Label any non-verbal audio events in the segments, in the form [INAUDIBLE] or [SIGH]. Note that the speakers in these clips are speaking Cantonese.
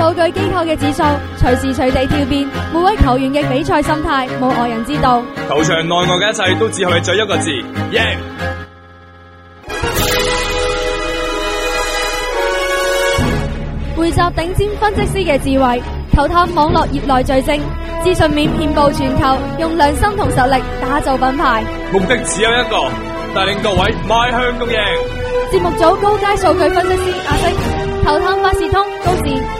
數據機構嘅指數隨時隨地跳變，每位球員嘅比賽心態冇外人知道。球場內外嘅一切都只可以一個字：贏。匯集頂尖分析師嘅智慧，球探網絡業內最精資訊面遍布全球，用良心同實力打造品牌。目的只有一個，帶領各位邁向共贏。節目組高階數據分析師阿星，球探發事通高士，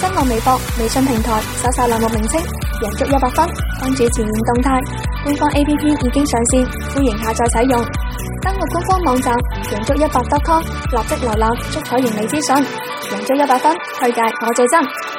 登錄微博、微信平台，搜索欄目名稱“贏足一百分”，關注前沿動態。官方 APP 已經上線，歡迎下載使用。登錄官方網站贏足一百 .com，立即瀏覽足彩盈利資訊。贏足一百分，推介我最真。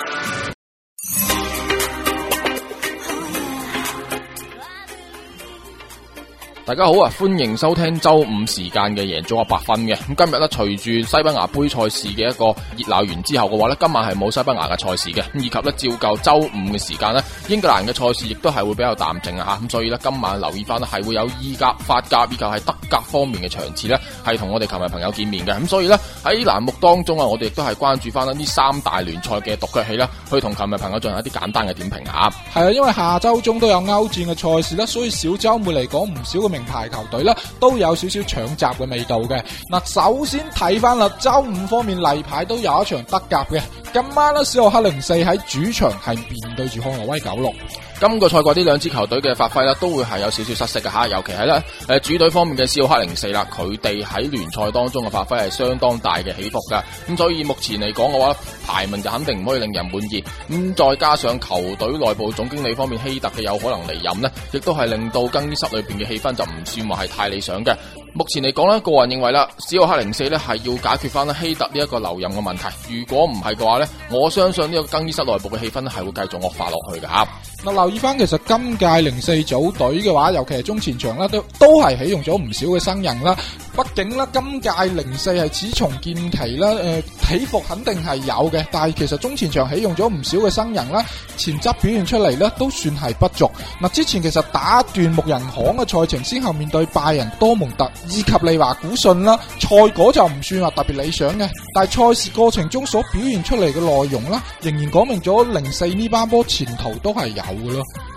大家好啊，歡迎收聽周五時間嘅贏足 100FUN 嘅。咁今日咧，隨住西班牙杯賽事嘅一個熱鬧完之後嘅話咧，今晚係冇西班牙嘅賽事嘅。以及咧，照舊周五嘅時間咧，英格蘭嘅賽事亦都係會比較淡靜啊吓。咁所以咧，今晚留意翻咧，係會有意甲、法甲以及係德甲方面嘅場次咧，係同我哋球迷朋友見面嘅。咁所以呢，喺欄目當中啊，我哋亦都係關注翻呢三大聯賽嘅獨腳戲啦，去同球迷朋友進行一啲簡單嘅點評啊。係啊，因為下周中都有歐戰嘅賽事啦，所以小周末嚟講唔少的名牌球隊啦，都有少少搶閘嘅味道嘅。嗱，首先睇翻啦，周五方面，例牌都有一場德甲嘅，今晚咧，小洛克零四喺主場係面對住漢諾威九六。今個賽季呢兩支球隊嘅發揮啦，都會係有少少失色嘅吓，尤其係咧誒主隊方面嘅斯奧克零四啦，佢哋喺聯賽當中嘅發揮係相當大嘅起伏噶，咁、嗯、所以目前嚟講嘅話，排名就肯定唔可以令人滿意。咁、嗯、再加上球隊內部總經理方面希特嘅有可能離任呢，亦都係令到更衣室裏邊嘅氣氛就唔算話係太理想嘅。目前嚟講咧，個人認為啦，斯奧克零四咧係要解決翻希特呢一個留任嘅問題。如果唔係嘅話咧，我相信呢個更衣室內部嘅氣氛係會繼續惡化落去嘅吓。嗱，留意翻，其實今屆零四組隊嘅話，尤其係中前場啦，都都係起用咗唔少嘅新人啦。畢竟啦，今屆零四係始從建期啦，誒起伏肯定係有嘅。但係其實中前場起用咗唔少嘅新人啦，潛質表現出嚟咧都算係不俗。嗱，之前其實打段木人巷嘅賽程，先後面對拜仁多蒙特以及利華古遜啦，賽果就唔算話特別理想嘅。但係賽事過程中所表現出嚟嘅內容啦，仍然講明咗零四呢班波前途都係有。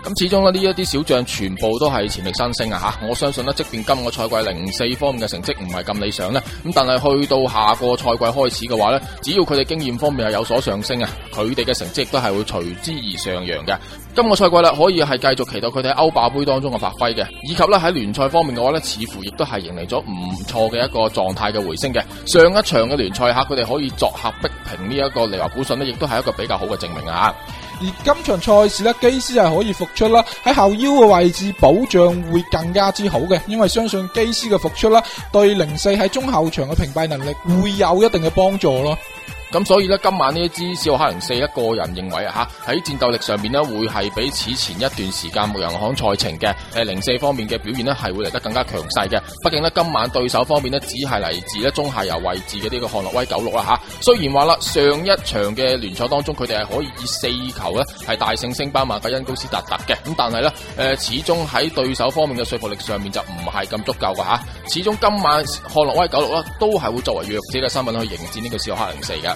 咁始終呢一啲小將全部都係潛力新星啊吓！我相信咧，即便今個賽季零四方面嘅成績唔係咁理想呢、啊，咁但係去到下個賽季開始嘅話呢，只要佢哋經驗方面係有所上升啊，佢哋嘅成績亦都係會隨之而上揚嘅。今個賽季啦，可以係繼續期待佢哋喺歐霸盃當中嘅發揮嘅，以及呢喺聯賽方面嘅話呢，似乎亦都係迎嚟咗唔錯嘅一個狀態嘅回升嘅。上一場嘅聯賽吓，佢哋可以作客逼平呢一個利華古遜咧，亦都係一個比較好嘅證明啊！而今場賽事咧，基斯係可以復出啦，喺後腰嘅位置保障會更加之好嘅，因為相信基斯嘅復出啦，對零四喺中後場嘅屏蔽能力會有一定嘅幫助咯。咁所以呢，今晚呢一支小克零四，一個人認為啊，喺戰鬥力上面呢，會係比此前一段時間牧羊行賽程嘅零四方面嘅表現呢，係會嚟得更加強勢嘅。畢竟呢，今晚對手方面呢，只係嚟自呢中下游位置嘅呢個漢諾威九六啦。雖然話啦，上一場嘅聯賽當中佢哋係可以以四球呢，係大勝星巴馬基恩公司特特升班馬英高斯塔特嘅，咁但係呢、呃，始終喺對手方面嘅說服力上面就唔係咁足夠㗎。嚇、啊。始終今晚漢諾威九六呢，都係會作為弱者嘅身份去迎戰呢個小克零四嘅。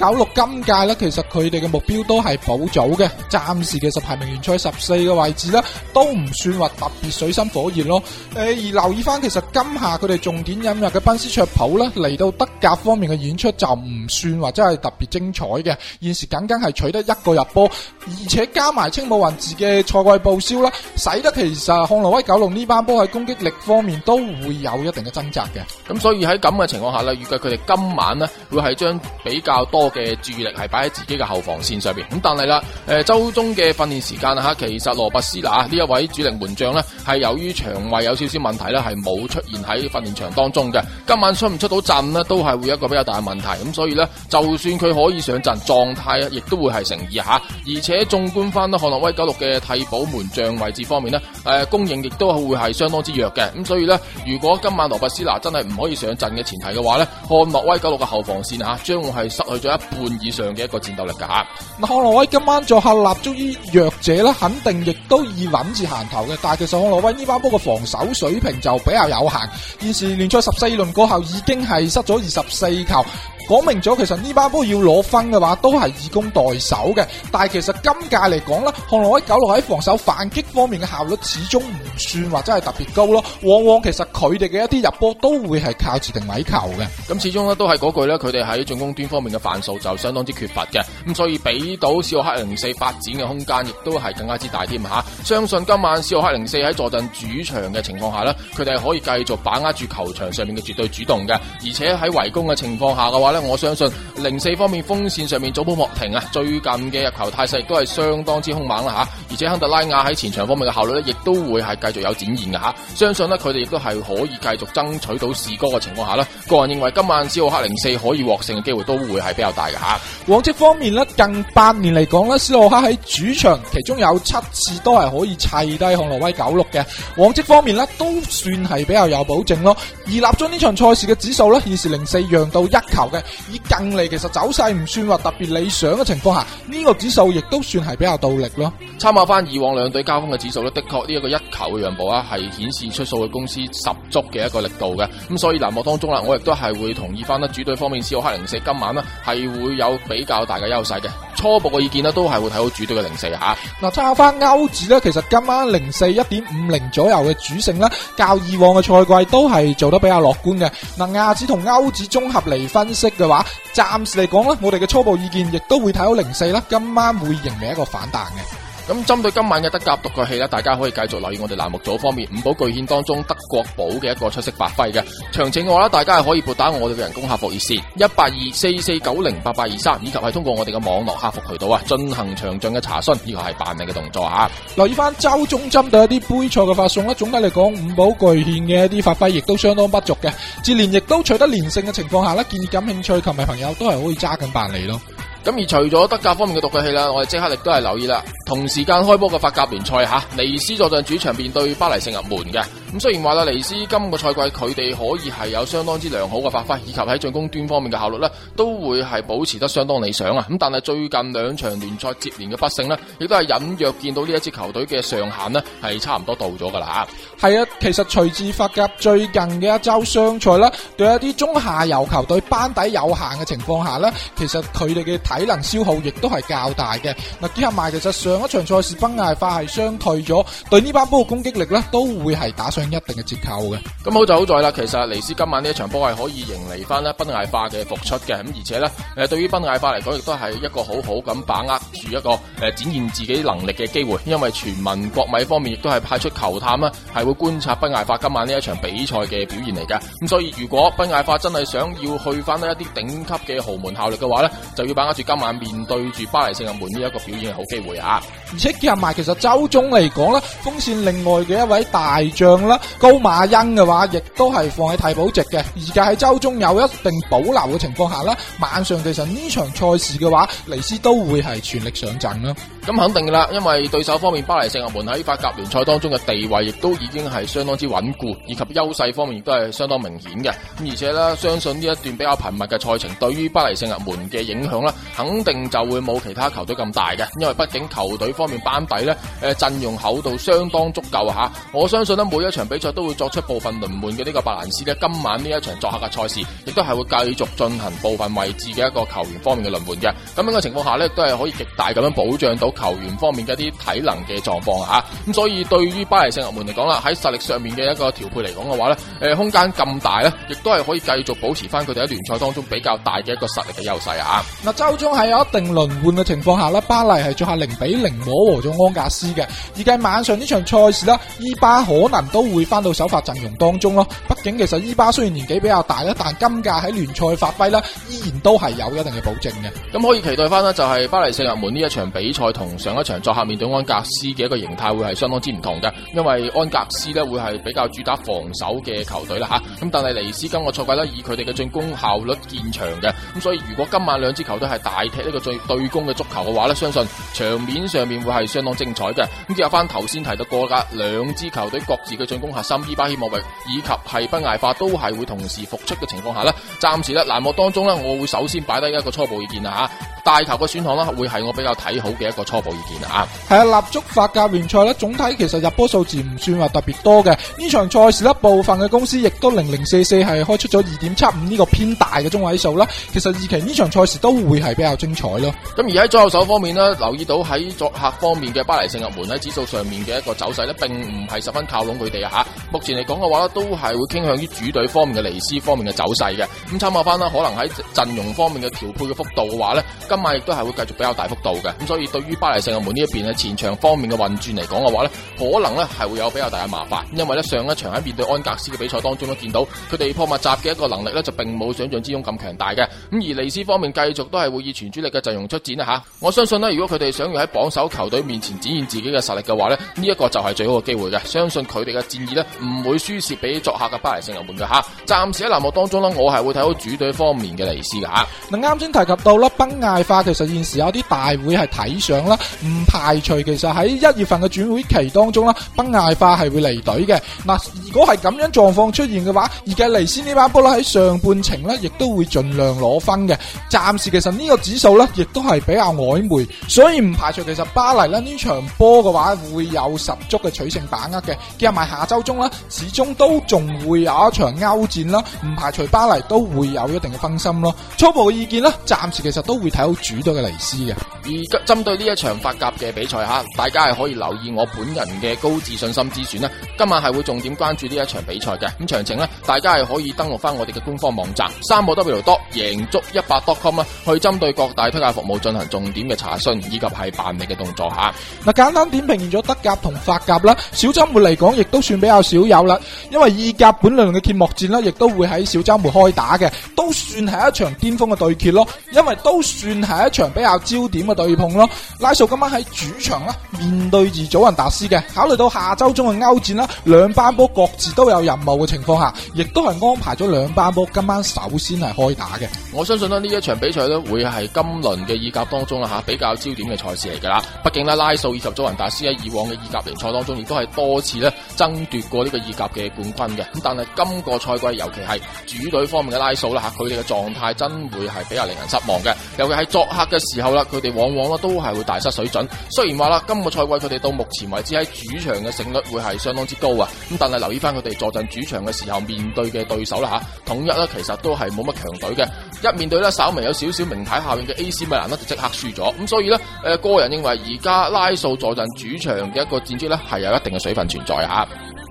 九六今屆咧，其實佢哋嘅目標都係保組嘅，暫時其實排名聯賽十四個位置咧，都唔算話特別水深火熱咯。誒、呃，而留意翻，其實今夏佢哋重點引入嘅班斯卓普咧，嚟到德甲方面嘅演出就唔算話真係特別精彩嘅，現時僅僅係取得一個入波，而且加埋青武雲字嘅賽季報銷啦，使得其實漢諾威九六呢班波喺攻擊力方面都會有一定嘅掙扎嘅。咁所以喺咁嘅情況下咧，預計佢哋今晚呢會係將比較多。嘅注意力係擺喺自己嘅後防線上面，咁但係啦，誒、呃，周中嘅訓練時間吓，其實羅伯斯拿呢一位主力門將呢，係由於腸胃有少少問題呢，係冇出現喺訓練場當中嘅。今晚出唔出到陣呢，都係會一個比較大嘅問題。咁所以呢，就算佢可以上陣，狀態啊，亦都會係成疑吓。而且縱觀翻咧，漢諾威九六嘅替補門將位置方面呢，誒、呃，供應亦都會係相當之弱嘅。咁所以呢，如果今晚羅伯斯拿真係唔可以上陣嘅前提嘅話呢，漢諾威九六嘅後防線啊，將會係失去咗一半以上嘅一個戰鬥力噶吓，那康樂威今晚做客立足於弱者啦，肯定亦都易穩住行頭嘅。但係其實康樂威呢班波嘅防守水平就比較有限，現時聯賽十四輪過後已經係失咗二十四球。講明咗，其實呢把波要攞分嘅話，都係以攻代守嘅。但係其實今屆嚟講呢漢諾威九六喺防守反擊方面嘅效率始終唔算話真係特別高咯。往往其實佢哋嘅一啲入波都會係靠住定位球嘅。咁始終咧都係嗰句咧，佢哋喺進攻端方面嘅範疇就相當之缺乏嘅。咁所以俾到史浩克零四發展嘅空間，亦都係更加之大添吓。相信今晚史浩克零四喺坐陣主場嘅情況下呢，佢哋係可以繼續把握住球場上面嘅絕對主動嘅，而且喺圍攻嘅情況下嘅話咧。我相信零四方面鋒線上面祖波莫廷啊，最近嘅入球態勢亦都係相當之凶猛啦、啊、吓，而且亨特拉亞喺前場方面嘅效率咧，亦都會係繼續有展現嘅吓、啊。相信咧，佢哋亦都係可以繼續爭取到士歌嘅情況下咧，個人認為今晚史浩克零四可以獲勝嘅機會都會係比較大嘅吓、啊。往績方面咧，近八年嚟講咧，史浩克喺主場其中有七次都係可以砌低漢諾威九六嘅。往績方面咧，都算係比較有保證咯。而立咗呢場賽事嘅指數咧，現時零四讓到一球嘅。以近嚟，其實走勢唔算話特別理想嘅情況下，呢、這個指數亦都算係比較到力咯。參考翻以往兩隊交鋒嘅指數咧，的確呢一個一球嘅讓步啊，係顯示出數嘅公司十足嘅一個力度嘅。咁所以欄目當中啦，我亦都係會同意翻啦，主隊方面史浩克零四今晚呢，係會有比較大嘅優勢嘅。初步嘅意見咧，都係會睇好主隊嘅零四吓。嗱，睇下翻歐指咧，其實今晚零四一點五零左右嘅主勝咧，較以往嘅賽季都係做得比較樂觀嘅。嗱，亞指同歐指綜合嚟分析嘅話，暫時嚟講咧，我哋嘅初步意見亦都會睇好零四啦。今晚會迎嚟一個反彈嘅。咁針對今晚嘅德甲獨角戲咧，大家可以繼續留意我哋欄目組方面五寶巨獻當中德國寶嘅一個出色發揮嘅詳情嘅話咧，大家係可以撥打我哋嘅人工客服熱線一八二四四九零八八二三，823, 以及係通過我哋嘅網絡客服渠道啊進行詳盡嘅查詢，呢個係辦理嘅動作吓。留意翻周中針對一啲杯賽嘅發送咧，總體嚟講五寶巨獻嘅一啲發揮亦都相當不俗嘅，自連亦都取得連勝嘅情況下，建議感興趣球迷朋友都係可以揸緊辦理咯。咁而除咗德甲方面嘅獨角戲啦，我哋即刻亦都係留意啦。同時間開波嘅法甲聯賽吓，尼斯坐上主場面對巴黎聖日門嘅。咁雖然話啦，尼斯今個賽季佢哋可以係有相當之良好嘅發揮，以及喺進攻端方面嘅效率咧，都會係保持得相當理想啊。咁但係最近兩場聯賽接連嘅不勝咧，亦都係隱約見到呢一支球隊嘅上限咧係差唔多到咗噶啦。吓，係啊，其實隨住法甲最近嘅一周雙賽咧，對一啲中下游球隊班底有限嘅情況下咧，其實佢哋嘅體能消耗亦都係較大嘅。嗱，結合埋，其實上一場賽事崩艾化係傷退咗，對這班呢班波嘅攻擊力咧都會係打上。一定嘅折扣嘅，咁、嗯、好就好在啦，其實尼斯今晚呢一場波係可以迎嚟翻呢賓艾化嘅復出嘅，咁而且呢，誒對於賓艾化嚟講，亦都係一個好好咁把握住一個誒、呃、展現自己能力嘅機會，因為全民國米方面亦都係派出球探啦，係會觀察賓艾化今晚呢一場比賽嘅表現嚟嘅，咁所以如果賓艾化真係想要去翻一啲頂級嘅豪門效力嘅話呢，就要把握住今晚面對住巴黎聖日門呢一個表演嘅好機會啊！而且加埋其實周中嚟講呢，鋒線另外嘅一位大將高馬恩嘅話，亦都係放喺替補席嘅，而家喺周中有一定保留嘅情況下啦。晚上其實呢場賽事嘅話，尼斯都會係全力上陣咯。咁肯定噶啦，因為對手方面巴黎聖日門喺法甲聯賽當中嘅地位亦都已經係相當之穩固，以及優勢方面亦都係相當明顯嘅。咁而且呢，相信呢一段比較頻密嘅賽程，對於巴黎聖日門嘅影響呢，肯定就會冇其他球隊咁大嘅。因為畢竟球隊方面班底呢，誒陣容厚度相當足夠吓。我相信呢每一場。一場比賽都會作出部分輪換嘅呢個白蘭斯咧，今晚呢一場作客嘅賽事，亦都係會繼續進行部分位置嘅一個球員方面嘅輪換嘅。咁樣嘅情況下呢，都係可以極大咁樣保障到球員方面嘅啲體能嘅狀況吓。咁、啊、 [LAUGHS] 所以對於巴黎聖日門嚟講啦，喺實力上面嘅一個調配嚟講嘅話呢，誒、呃、空間咁大呢，亦都係可以繼續保持翻佢哋喺聯賽當中比較大嘅一個實力嘅優勢啊。嗱，周中係有一定輪換嘅情況下呢，巴黎係做下零比零摸和咗安格斯嘅。而家晚上呢場賽事啦，伊巴可能都。會翻到首發陣容當中咯，畢竟其實伊巴雖然年紀比較大啦，但今屆喺聯賽發揮啦，依然都係有一定嘅保證嘅。咁可以期待翻呢，就係、是、巴黎聖日門呢一場比賽同上一場作客面對安格斯嘅一個形態會係相當之唔同嘅，因為安格斯呢會係比較主打防守嘅球隊啦吓，咁、啊、但係尼斯今個賽季呢以佢哋嘅進攻效率見長嘅，咁、啊、所以如果今晚兩支球隊係大踢呢個最對攻嘅足球嘅話呢，相信場面上面會係相當精彩嘅。咁之後翻頭先提到過噶，兩支球隊各自嘅進攻核心，依巴希莫域以及係賓艾化都係會同時復出嘅情況下咧，暫時咧，欄目當中咧，我會首先擺低一個初步意見啊吓。大球嘅選項啦，會係我比較睇好嘅一個初步意見吓！係啊，立足法甲聯賽咧，總體其實入波數字唔算話特別多嘅。呢場賽事咧，部分嘅公司亦都零零四四係開出咗二點七五呢個偏大嘅中位數啦。其實二期呢場賽事都會係比較精彩咯。咁而喺左右手方面咧，留意到喺作客方面嘅巴黎聖日門喺指數上面嘅一個走勢咧，並唔係十分靠攏佢哋啊！吓，目前嚟講嘅話，都係會傾向於主隊方面嘅尼斯方面嘅走勢嘅。咁參考翻啦，可能喺陣容方面嘅調配嘅幅度嘅話咧。今晚亦都係會繼續比較大幅度嘅，咁、嗯、所以對於巴黎聖日門呢一邊咧，前場方面嘅運轉嚟講嘅話呢，可能咧係會有比較大嘅麻煩，因為呢，上一場喺面對安格斯嘅比賽當中都見到，佢哋破密集嘅一個能力呢，就並冇想象之中咁強大嘅，咁、嗯、而尼斯方面繼續都係會以全主力嘅陣容出戰吓、啊，我相信呢，如果佢哋想要喺榜首球隊面前展現自己嘅實力嘅話呢，呢一個就係最好嘅機會嘅，相信佢哋嘅戰意呢，唔會輸蝕俾作客嘅巴黎聖日門嘅吓，暫時喺欄目當中呢，我係會睇好主隊方面嘅尼斯嘅吓，嗱，啱先提及到啦，北化其實現時有啲大會係睇上啦，唔排除其實喺一月份嘅轉會期當中啦，賓艾化係會離隊嘅。嗱，如果係咁樣狀況出現嘅話，而家尼斯班呢把波咧喺上半程咧，亦都會盡量攞分嘅。暫時其實呢個指數咧，亦都係比較曖昧，所以唔排除其實巴黎咧呢場波嘅話會有十足嘅取勝把握嘅。加埋下周中啦，始終都仲會有一場歐戰啦，唔排除巴黎都會有一定嘅分心咯。初步嘅意見咧，暫時其實都會睇。好主多嘅雷斯嘅，而針針對呢一場法甲嘅比賽吓，大家係可以留意我本人嘅高自信心之選啦。今晚係會重點關注呢一場比賽嘅，咁詳情呢，大家係可以登錄翻，我哋嘅官方網站三個 w 多贏足一百 .com 啦，去針對各大推介服務進行重點嘅查詢以及係辦理嘅動作吓。嗱，簡單點評完咗德甲同法甲啦，小週末嚟講亦都算比較少有啦，因為意甲本輪嘅揭幕戰呢，亦都會喺小週末開打嘅，都算係一場巔峰嘅對決咯，因為都算。係一場比較焦點嘅對碰咯，拉素今晚喺主場啦，面對住祖雲達斯嘅。考慮到下周中嘅歐戰啦，兩班波各自都有任務嘅情況下，亦都係安排咗兩班波今晚首先係開打嘅。我相信咧呢一場比賽咧會係今輪嘅意甲當中啦吓，比較焦點嘅賽事嚟噶啦。畢竟呢，拉素以及祖雲達斯喺以往嘅意甲聯賽當中，亦都係多次咧爭奪過呢個意甲嘅冠軍嘅。咁但係今個賽季，尤其係主隊方面嘅拉素啦吓，佢哋嘅狀態真會係比較令人失望嘅，尤其係。作客嘅時候啦，佢哋往往都係會大失水準。雖然話啦，今個賽季佢哋到目前為止喺主場嘅勝率會係相當之高啊。咁但係留意翻佢哋坐陣主場嘅時候面對嘅對手啦吓，統一咧其實都係冇乜強隊嘅。一面對咧稍微有少少名牌效應嘅 AC 米蘭呢就即刻輸咗。咁所以呢，誒個人認為而家拉素坐陣主場嘅一個戰績呢係有一定嘅水分存在吓。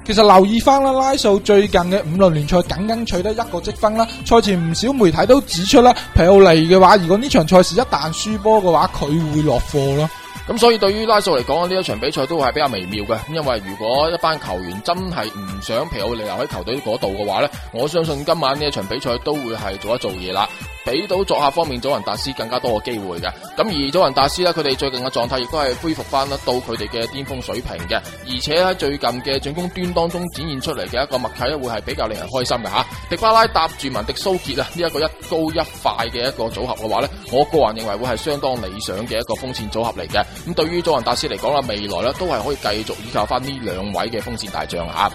其實留意翻啦，拉素最近嘅五輪聯賽僅僅取得一個積分啦。賽前唔少媒體都指出啦，皮奧利嘅話，如果呢場賽事一旦輸波嘅話，佢會落課啦。咁所以對於拉素嚟講，呢一場比賽都係比較微妙嘅。因為如果一班球員真係唔想皮奧利留喺球隊嗰度嘅話呢，我相信今晚呢一場比賽都會係做一做嘢啦。俾到作客方面祖雲達斯更加多嘅機會嘅，咁而祖雲達斯咧，佢哋最近嘅狀態亦都係恢復翻得到佢哋嘅巔峰水平嘅，而且喺最近嘅進攻端當中展現出嚟嘅一個默契咧，會係比較令人開心嘅吓。迪巴拉搭住文迪蘇杰啊，呢一個一高一快嘅一個組合嘅話咧，我個人認為會係相當理想嘅一個鋒線組合嚟嘅。咁對於祖雲達斯嚟講啦，未來咧都係可以繼續依靠翻呢兩位嘅鋒線大將吓。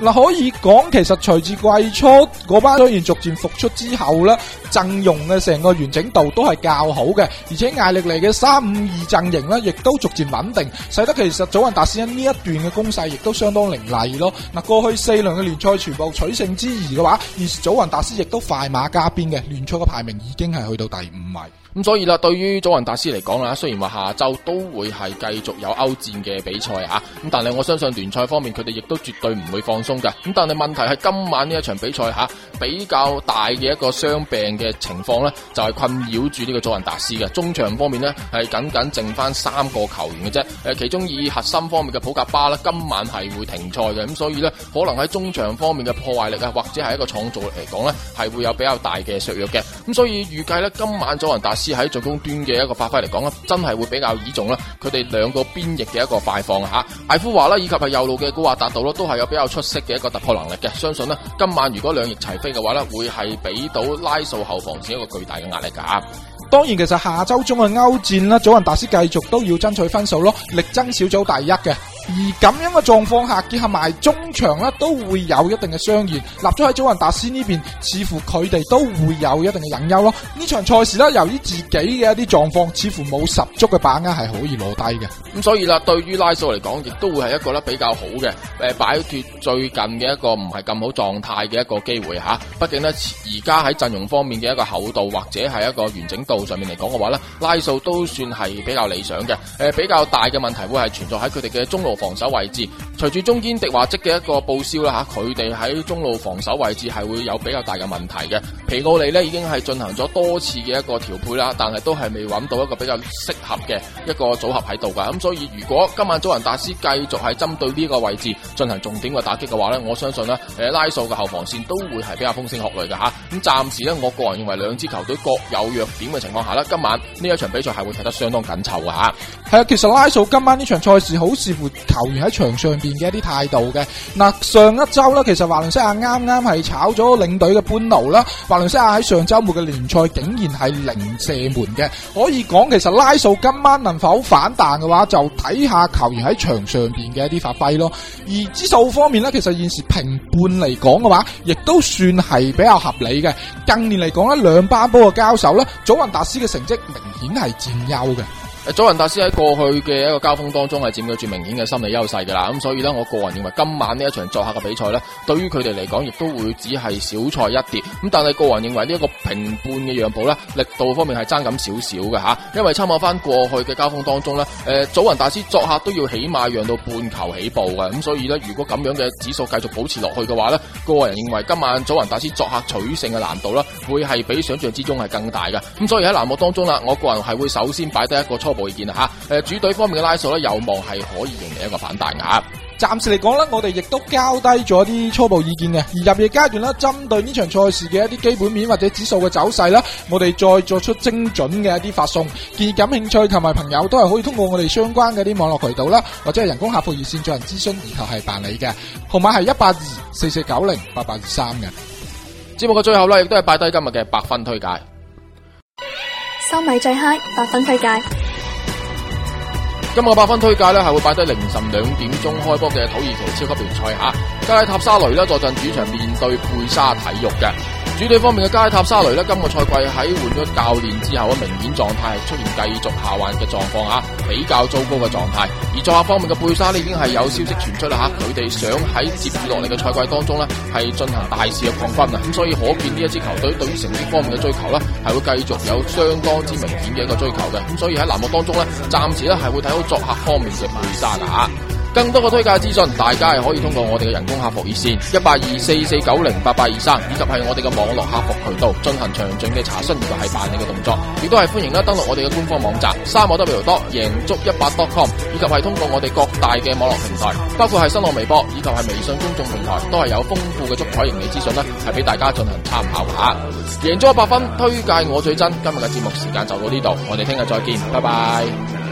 嗱、啊，可以講其實隨住季初嗰班球員逐漸復出之後咧，陣容嘅成個完整度都係較好嘅，而且艾力尼嘅三五二陣型咧，亦都逐漸穩定，使得其實祖雲達斯喺呢一段嘅攻勢亦都相當凌厲咯。嗱、啊，過去四輪嘅聯賽全部取勝之餘嘅話，而祖雲達斯亦都快馬加鞭嘅，聯賽嘅排名已經係去到第五位。咁所以啦，對於祖雲達斯嚟講啦，雖然話下周都會係繼續有歐戰嘅比賽吓，咁但係我相信聯賽方面佢哋亦都絕對唔會放鬆噶。咁但係問題係今晚呢一場比賽吓，比較大嘅一個傷病嘅情況咧，就係、是、困擾住呢個祖雲達斯嘅中場方面咧，係僅僅剩翻三個球員嘅啫。誒，其中以核心方面嘅普格巴啦，今晚係會停賽嘅。咁所以咧，可能喺中場方面嘅破壞力啊，或者係一個創造力嚟講咧，係會有比較大嘅削弱嘅。咁所以預計咧，今晚祖雲達。喺進攻端嘅一個發揮嚟講咧，真係會比較倚重啦。佢哋兩個邊翼嘅一個快放吓，艾夫華啦以及係右路嘅古亞達度咯，都係有比較出色嘅一個突破能力嘅。相信咧，今晚如果兩翼齊飛嘅話咧，會係俾到拉素後防線一個巨大嘅壓力噶。當然，其實下周中嘅歐戰啦，祖雲達斯繼續都要爭取分數咯，力爭小組第一嘅。而咁樣嘅狀況下，結合埋中場咧，都會有一定嘅傷員。立咗喺祖雲達斯呢邊，似乎佢哋都會有一定嘅隱憂咯。呢場賽事咧，由於自己嘅一啲狀況，似乎冇十足嘅把握係可以攞低嘅。咁、嗯、所以啦，對於拉素嚟講，亦都會係一個咧比較好嘅，誒擺脫最近嘅一個唔係咁好狀態嘅一個機會吓。畢、啊、竟咧，而家喺陣容方面嘅一個厚度或者係一個完整度上面嚟講嘅話咧，拉素都算係比較理想嘅。誒、呃、比較大嘅問題會係存在喺佢哋嘅中路。防守位置，隨住中堅迪華積嘅一個報銷啦吓，佢哋喺中路防守位置係會有比較大嘅問題嘅。皮奧利咧已經係進行咗多次嘅一個調配啦，但係都係未揾到一個比較適合嘅一個組合喺度噶。咁所以如果今晚祖雲達斯繼續係針對呢個位置進行重點嘅打擊嘅話咧，我相信咧，誒拉素嘅後防線都會係比較風聲鶴唳嘅吓。咁暫時咧，我個人認為兩支球隊各有弱點嘅情況下咧，今晚呢一場比賽係會睇得相當緊湊嘅吓。係啊，其實拉素今晚呢場賽事好似乎。球員喺場上邊嘅一啲態度嘅，嗱上一周呢，其實華倫西亞啱啱係炒咗領隊嘅半奴啦，華倫西亞喺上週末嘅聯賽竟然係零射門嘅，可以講其實拉素今晚能否反彈嘅話，就睇下球員喺場上邊嘅一啲發揮咯。而指數方面呢，其實現時平半嚟講嘅話，亦都算係比較合理嘅。近年嚟講咧，兩班波嘅交手呢，祖雲達斯嘅成績明顯係佔優嘅。誒，祖雲達斯喺過去嘅一個交鋒當中係佔據住明顯嘅心理優勢噶啦，咁所以呢，我個人認為今晚呢一場作客嘅比賽呢，對於佢哋嚟講亦都會只係小菜一碟。咁但係個人認為呢一個平半嘅讓步呢，力度方面係爭咁少少嘅吓，因為參考翻過去嘅交鋒當中呢，誒，祖雲達斯作客都要起碼讓到半球起步嘅，咁所以呢，如果咁樣嘅指數繼續保持落去嘅話呢，個人認為今晚祖雲達斯作客取勝嘅難度呢，會係比想象之中係更大嘅。咁所以喺欄目當中啦，我個人係會首先擺低一個初。意見吓，誒，主隊方面嘅拉素咧，有望係可以迎嚟一個反彈。暫時嚟講咧，我哋亦都交低咗啲初步意見嘅。而入夜階段咧，針對呢場賽事嘅一啲基本面或者指數嘅走勢啦，我哋再作出精準嘅一啲發送。建議感興趣同埋朋友都係可以通過我哋相關嘅啲網絡渠道啦，或者係人工客服熱綫進行諮詢，然後係辦理嘅。號碼係一八二四四九零八八二三嘅。節目嘅最後咧，亦都係拜低今日嘅百分推介。收米最嗨百分推介。今日嘅八分推介咧，係會擺低凌晨兩點鐘開波嘅土耳其超級聯賽吓，加拉塔沙雷咧坐鎮主場面對貝沙體育嘅。主隊方面嘅加拉塔沙雷呢，今個賽季喺換咗教練之後，啊明顯狀態出現繼續下滑嘅狀況吓，比較糟糕嘅狀態。而作客方面嘅貝沙呢，已經係有消息傳出啦吓，佢哋想喺接住落嚟嘅賽季當中呢係進行大肆嘅擴軍啊，咁所以可見呢一支球隊對於成績方面嘅追求呢係會繼續有相當之明顯嘅一個追求嘅。咁所以喺欄目當中呢，暫時呢係會睇好作客方面嘅貝沙啊。更多嘅推介資訊，大家係可以通過我哋嘅人工客服熱線一八二四四九零八八二三，124, 490, 823, 以及係我哋嘅網絡客服渠道進行詳盡嘅查詢，以及係辦理嘅動作。亦都係歡迎啦，登錄我哋嘅官方網站三 w 多贏足一百 .com，以及係通過我哋各大嘅網絡平台，包括係新浪微博，以及係微信公眾平台，都係有豐富嘅足彩盈利資訊呢係俾大家進行參考一下。贏足一百分，推介我最真。今日嘅節目時間就到呢度，我哋聽日再見，拜拜。